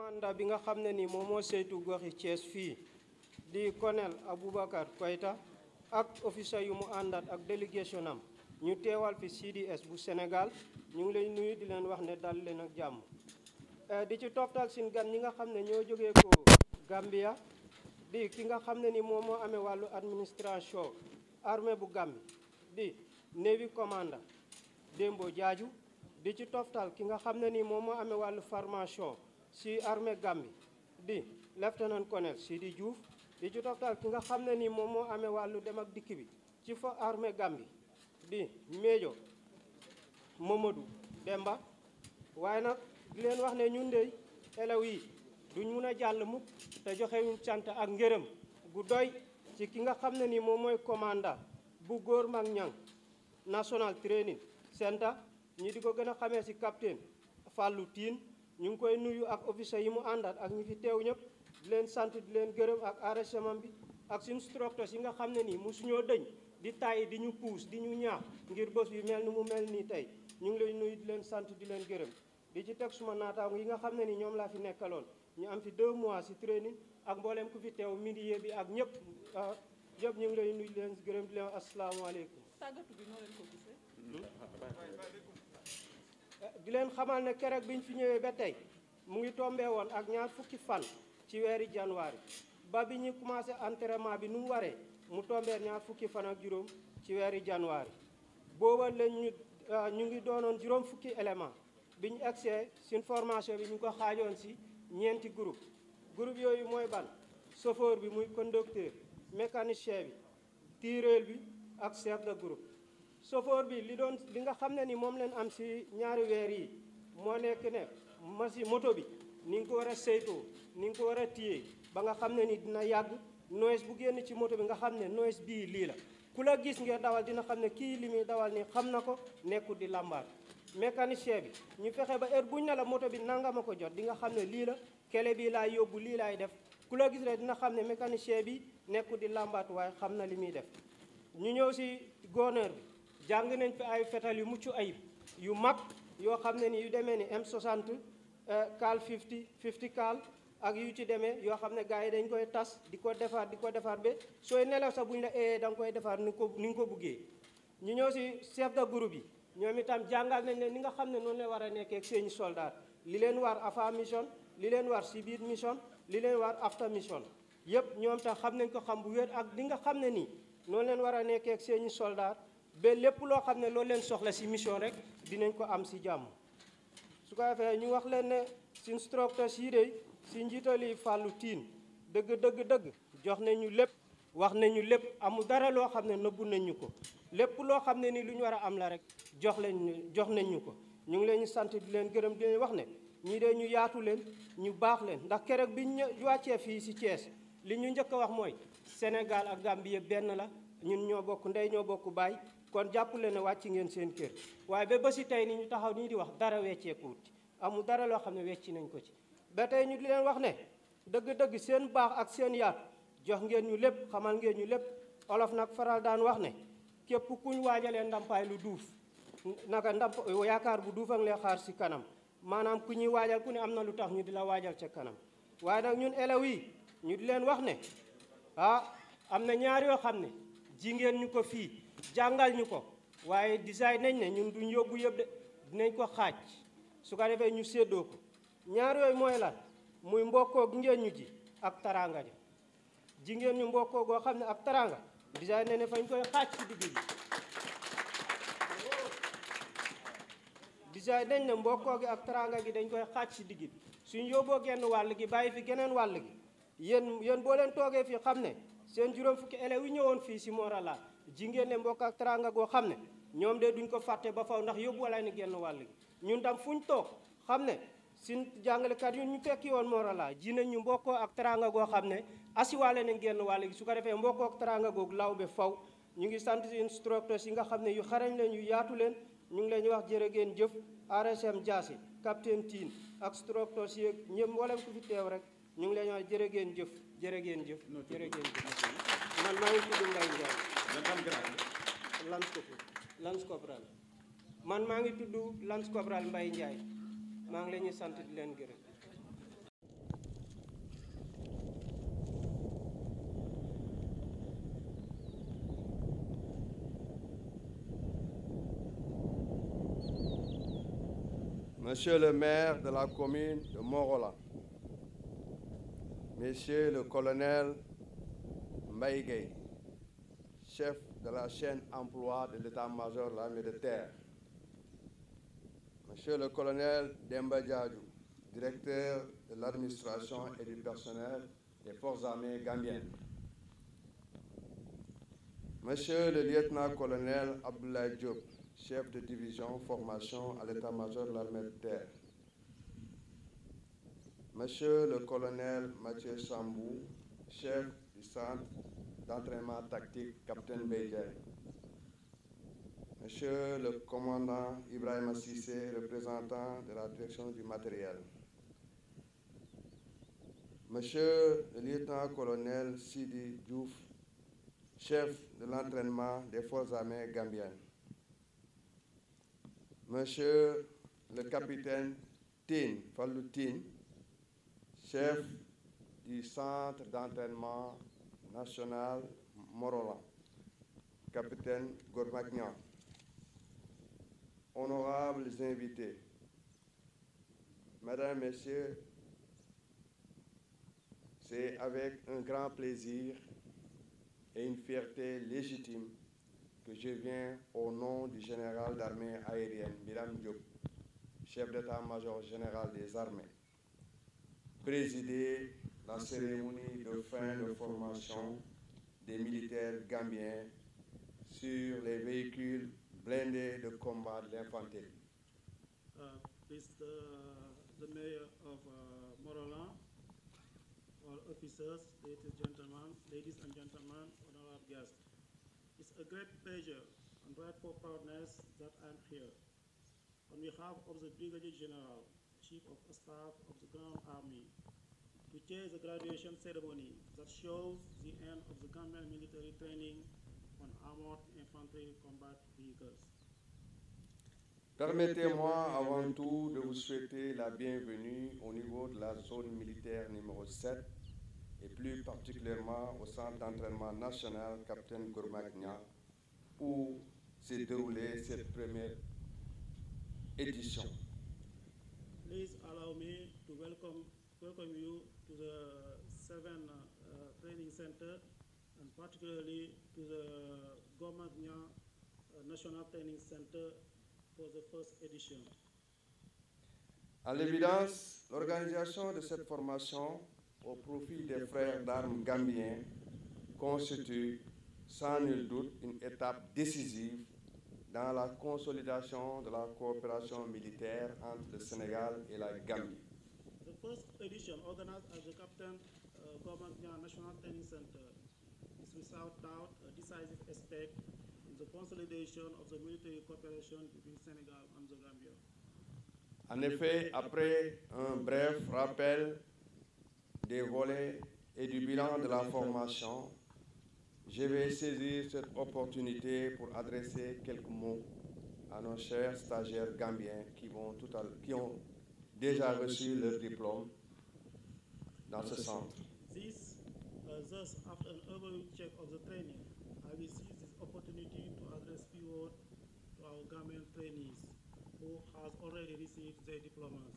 mandat bi nga xam ne ni moom moo saytu goxi Thiès fii di colonel Aboubacar Koyta ak officier yu mu àndaat ak délégation ñu teewal fi CDS bu senegal ñu ngi lay nuyu di leen wax ne dal leen ak jàmm eh, di ci toftal sin gan ñi nga xam ne ñoo jógee ko Gambia di ki nga xam ne ni moom moo amee wàllu administration arme bu Gambie di Navy Commander Dembo Jaaju di ci toftal ki nga xam ne ni moom moo amee wàllu farmation si armée Gambie di lieutenant colonel Sidi Diouf di ci toftal ki nga xam ne nii moom moo amee wàllu dem ak dikk bi ci fa armée Gambie di Major Mamadou Demba waaye nag di leen wax ne ñun de élèves yi duñ mun a jàll mukk te joxewuñ cant ak ngërëm gu doy ci ki nga xam ne nii moom mooy commandant bu góor mag ñang national training center ñi di ko gën a xamee si capitaine Fallou Tine ñu ngi koy nuyu ak officier yi mu àndaat ak ñi fi teew ñëpp di leen sant di leen gërëm ak arrangement bi ak suñu structures yi nga xam ne nii mosuñoo dëñ di tàyyi di ñu puus di ñu ñaax ngir bés yu mel ni mu mel nii tey ñu ngi lay nuyu di leen sant di leen gërëm di ci teg suma naataango yi nga xam ne ni ñoom laa fi nekkaloon ñu am fi deux mois si training ak mbooleem ku fi teew milieu bi ak ñëpp ah, ñëpp ñu ngi lay nuyu di leen gërëm di leen asalaamaaleykum tàggatu di leen xamal ne keroog biñ fi ñëwee ba tey mu ngi tombé woon ak ñaar fukki fan ci weeri janvier ba bi ñu commencé entraînement bi nu mu waree mu tombé ñaar fukki fan ak juróom ci weeri janvier booba la ñu euh, ñu ngi doonoon juróom fukki élément bi ñu egsee suñ formation bi ñu ko xaajoon si ñeenti groupe groupe yooyu mooy ban chauffeur bi muy conducteur mécanicien bi tireur bi ak chef de groupe sofoor bi li doon li nga xam ne ni moom leen am si ñaari weer yi moo nekk ne masi moto bi ni nga ko war a saytoo ni nga ko war a téye ba nga xam ne nii dina yàgg noyes bu génn ci moto bi nga xam ne noise bii lii la ku la gis nga dawal dina xam ne kii li muy dawal nii xam na ko nekkul di làmbaar mécanicien bi ñu fexe ba heure buñ ne la moto bi nanga ma ko jot di nga xam ne lii la kele bii laay yóbbu lii laay def ku la gis rek dina xam ne mécanicien bi nekkul di làmbaatu waaye xam na li muy def ñu ñëw si gouverneur bi jàng nañ fi ay fetal yu mucc ayib yu mag yoo xam ne ni yu demee ni M60 kaal 50 50 kaal ak yu ci demee yoo xam ne gars yi dañ koy tas di ko defaat di ko defaat ba sooy nelaw sax bu ñu la ee da nga koy defaat ni ko ni ko buggee ñu ñëw si chef de groupe yi ñoom itam jàngal nañ leen ni nga xam ne noonu la war a nekkee seeni soldaar li leen war avant mission li leen war sibiir mission li leen war after mission yëpp ñoom tax xam nañ ko xam bu wér ak li nga xam ne nii noonu leen war a nekkee seeni soldat be lépp loo xam ne loolu leen soxla si mission rek dinañ ko am si jàmm su ko afee ñu wax leen ne suñ structures yi de si njiitali fàllu tiin dëgg dëgg dëgg jox nañu lépp wax nañu lépp amul dara loo xam ne nëbbu nañ ñu ko lépp loo xam ne ni lu ñu war a am la rek jox leen jox nañ ñu ko ñu ngi leen ñu sant di leen gërëm di wax ne ñii de ñu yaatu leen ñu baax leen ndax keroog bi ñu wàccee fii si Thiès li ñu njëkk a wax mooy Sénégal ak Gambie benn la ñun ñoo bokk ndey ñoo bokk baay kon jàpp na ne wàcc ngeen seen kër waaye ba bési tey ni ñu taxaw nii di wax dara wecceekuwut amul dara loo xam ne wecci nañ ko ci ba tey ñu di leen wax ne dëgg-dëgg seen baax ak seen yaatu jox ngeen ñu lépp xamal ngeen ñu lépp olof nag faral daan wax ne képp kuñ waajalee ndampaay lu duuf naka ndamp yaakaar bu duuf ak lay xaar si kanam maanaam ku ñuy waajal ku ne am na lu tax ñu di la waajal ca kanam waaye nag ñun élèves yi ñu di leen wax ne ah am na ñaar yoo xam ne ji ngeen ñu ko fii jàngal ñu ko waaye design nañ ne ñun duñ yóbbu yëpp de dinañ ko xaaj su ko defee ñu séddoo ko ñaar yooyu mooy lan muy mbokkoog ngeen ñu ji ak taranga ji ji ngeen ñu mbokkoo goo xam ne ak taranga design ne koy xaaj digg bi design ne mbokkoo gi ak taranga gi dañ koy xaaj ci digg bi suñ yóbboo genn wàll gi bàyyi fi geneen wàll gi yéen yéen boo leen toogee fii xam ne seen juróom fukki élèves yi ñëwoon fii si Mont Rolland ji ngeen ne mbokk ak teraanga goo xam ne ñoom de duñ ko fàtte ba faw ndax yóbbu walaay ni genn wàll gi ñun fu ñu toog xam ne sin jàngalekat yu ñu tekki woon Morala ji nañ ñu mbokkoo ak teraanga goo xam ne asiwaale nañ genn wàll gi su ko defee mbokkoo ak teraanga googu law be faw ñu ngi sant instructeurs yi nga xam ne yu xarañ leen yu yaatu leen ñu ngi leen wax jërë ngeen jëf RSM Diassi capitaine Tine ak instructeurs yi ñëpp mboolem ku fi teew rek ñu ngi leen wax jërë ngeen jëf jërë ngeen jëf jërë ngeen lance corporal man maa ngi tudd lance corporal Mbaye Ndiaye maa ngi sant di leen gërëm. Monsieur le maire de la commune de Morola, Monsieur le colonel Mbaye Gueye chef de la chaîne emploi de l'état-major de l'armée de terre. Monsieur le colonel Demba directeur de l'administration et du personnel des forces armées gambiennes. Monsieur le lieutenant-colonel Abdoulaye Diop, chef de division formation à l'état-major de l'armée de terre. le colonel Mathieu d'entraînement tactique, capitaine Beydier. Monsieur le commandant Ibrahim Sissé, représentant de la direction du matériel. Monsieur le lieutenant-colonel Sidi Diouf, chef de l'entraînement des forces armées gambiennes. Monsieur le capitaine Tin Falloutine, chef du centre d'entraînement national Morolan, capitaine Gormagnan. Honorables invités, Mesdames, Messieurs, c'est avec un grand plaisir et une fierté légitime que je viens au nom du général d'armée aérienne Biram Diop, chef d'état-major général des armées, présider la cérémonie de fin de formation des militaires gambiens sur les véhicules blindés de combat de l'infanterie. Uh, officers, ladies gentlemen, ladies and gentlemen, honorable guests. It's a great pleasure and rightful proudness that I'm here. On behalf of the Brigadier General, Chief of Staff of the Grand Army, to chase the graduation ceremony that shows the end of the Permettez-moi avant tout de vous souhaiter la bienvenue au niveau de la zone militaire numéro et plus particulièrement au centre d'entraînement national Capitaine Gourmagna où s'est déroulée cette première édition. Please allow me to welcome, welcome you to the seven uh, training center and particularly to uh, l'évidence, l'organisation de cette formation au profit des frères d'armes gambiens constitue sans nul doute une étape décisive dans la consolidation de la coopération militaire entre le Sénégal et la Gambie. first edition organized at the Captain uh, Gomagna National Training Center is without doubt a decisive aspect in the consolidation of the military cooperation between Senegal and the Gambia. En effet, après un bref rappel des volets et du bilan de la formation, je vais saisir cette opportunité pour adresser quelques mots à nos chers stagiaires gambiens qui, vont tout à, qui ont déjà reçu leur diplôme dans ce centre. This, uh, thus, after to our government trainees who has already received their diplomas.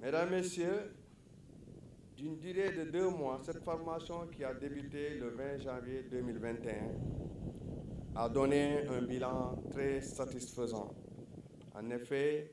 Mesdames, Messieurs, d'une durée de deux mois, cette formation qui a débuté le 20 janvier 2021 a donné un bilan très satisfaisant. En effet,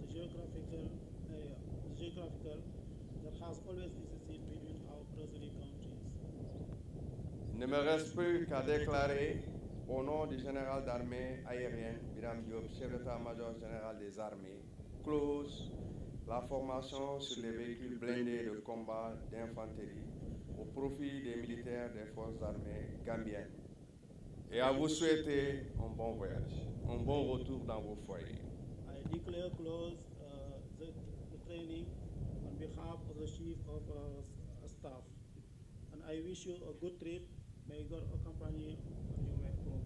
Eh, ne me reste plus qu'à déclarer au nom du général d'armée aérienne Biram Diop, chef d'état-major général des armées, close la formation sur les véhicules blindés de combat d'infanterie au profit des militaires des forces armées gambiennes. Et à vous souhaiter un bon voyage, un bon retour dans vos foyers. declare close uh, the, the training on behalf of the chief of uh, staff. And I wish you a good trip. May God accompany you back home.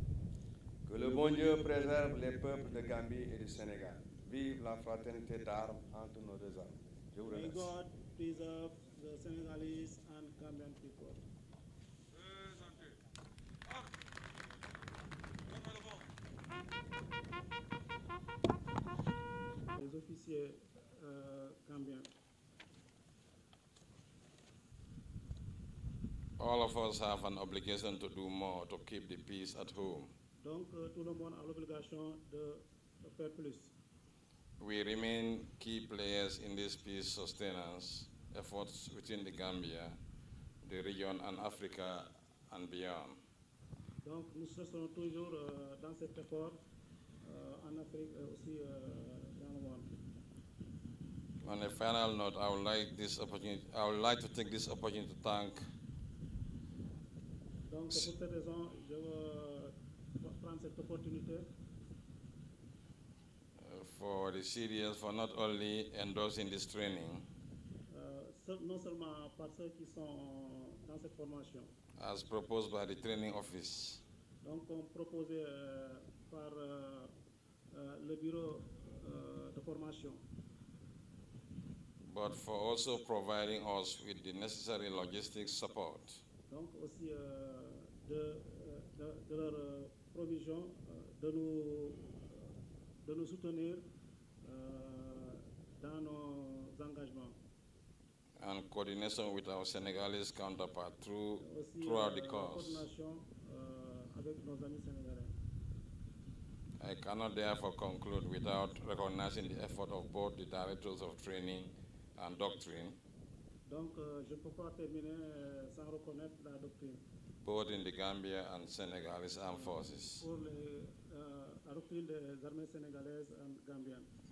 Que le bon Dieu préserve les peuples de Gambie et du Sénégal. Vive la fraternité d'armes entre nos deux May God preserve the Senegalese and Gambian people. Ah. officiers euh, gambiens. All of us have an obligation to do more to keep the peace at home. Donc, euh, tout monde a l'obligation de, de faire plus. We remain key players in this peace sustenance efforts within the Gambia, the region and Africa and beyond. On a final note, I would like to take this opportunity to thank. Donc, pour uh, For the CDS for not only endorsing this training. Uh, seulement par ceux qui sont dans cette formation. As proposed by the training office. Donc, comme euh, par euh, euh, le bureau de formation. but for also providing us with the necessary logistics support. Donc euh, euh, de, leur euh, provision, de nous, de dans nos engagements. And coordination with our Senegalese counterpart throughout the course. I cannot therefore conclude without recognizing the effort of both the directors of training and doctrine. Donc, euh, je ne peux terminer euh, sans reconnaître la doctrine. Both in the Gambia and Senegalese armed forces. Euh,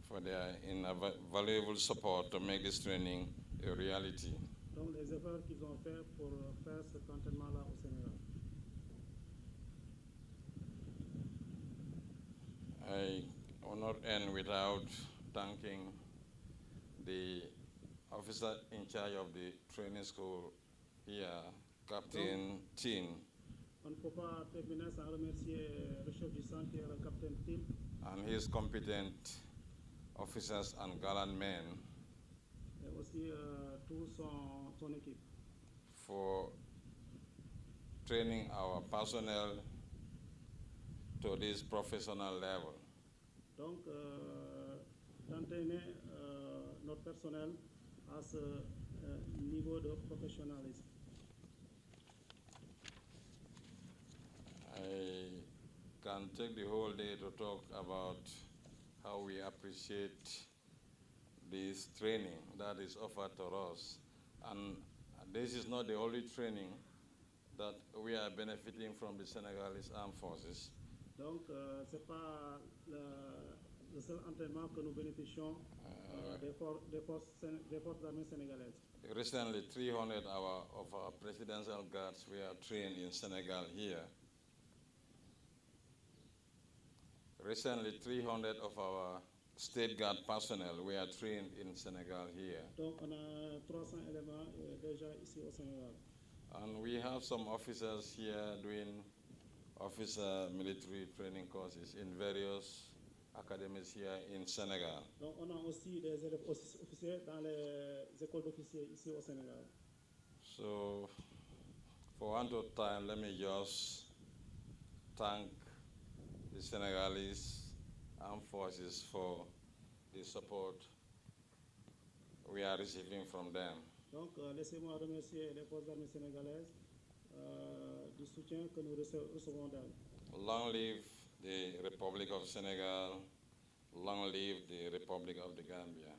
For their invaluable support to make this training a reality. Donc, les efforts qu'ils ont fait pour faire cet entraînement-là au Sénégal. I will end without thanking the officer in charge of the training school here, uh, Captain Tin. le chef du centre, le And his competent officers and gallant men. Et aussi euh, tout training our personnel to this professional level. Donc, euh, d'entraîner euh, personnel à ce niveau de I can take the whole day to talk about how we appreciate this training that is offered to us. And this is not the only training that we are benefiting from the Senegalese armed forces. Euh, le seul entraînement que nous bénéficions euh, euh, des, for des, sénégalaises. Recently, of our presidential guards were trained in Senegal here. Recently, of our state guard personnel were trained in Senegal here. Donc, on a éléments euh, déjà ici au Sénégal. And we have some officers here doing officer military training courses in various académiciens in Sénégal. Donc on a aussi des élèves officiers dans les écoles d'officiers ici au Sénégal. So for one of time, let me just thank the Senegalese armed forces for the support we are receiving from them. Donc euh, laissez-moi remercier les forces armées sénégalaises euh, du soutien que nous recevons d'elles. the Republic of Senegal, long live the Republic of the Gambia.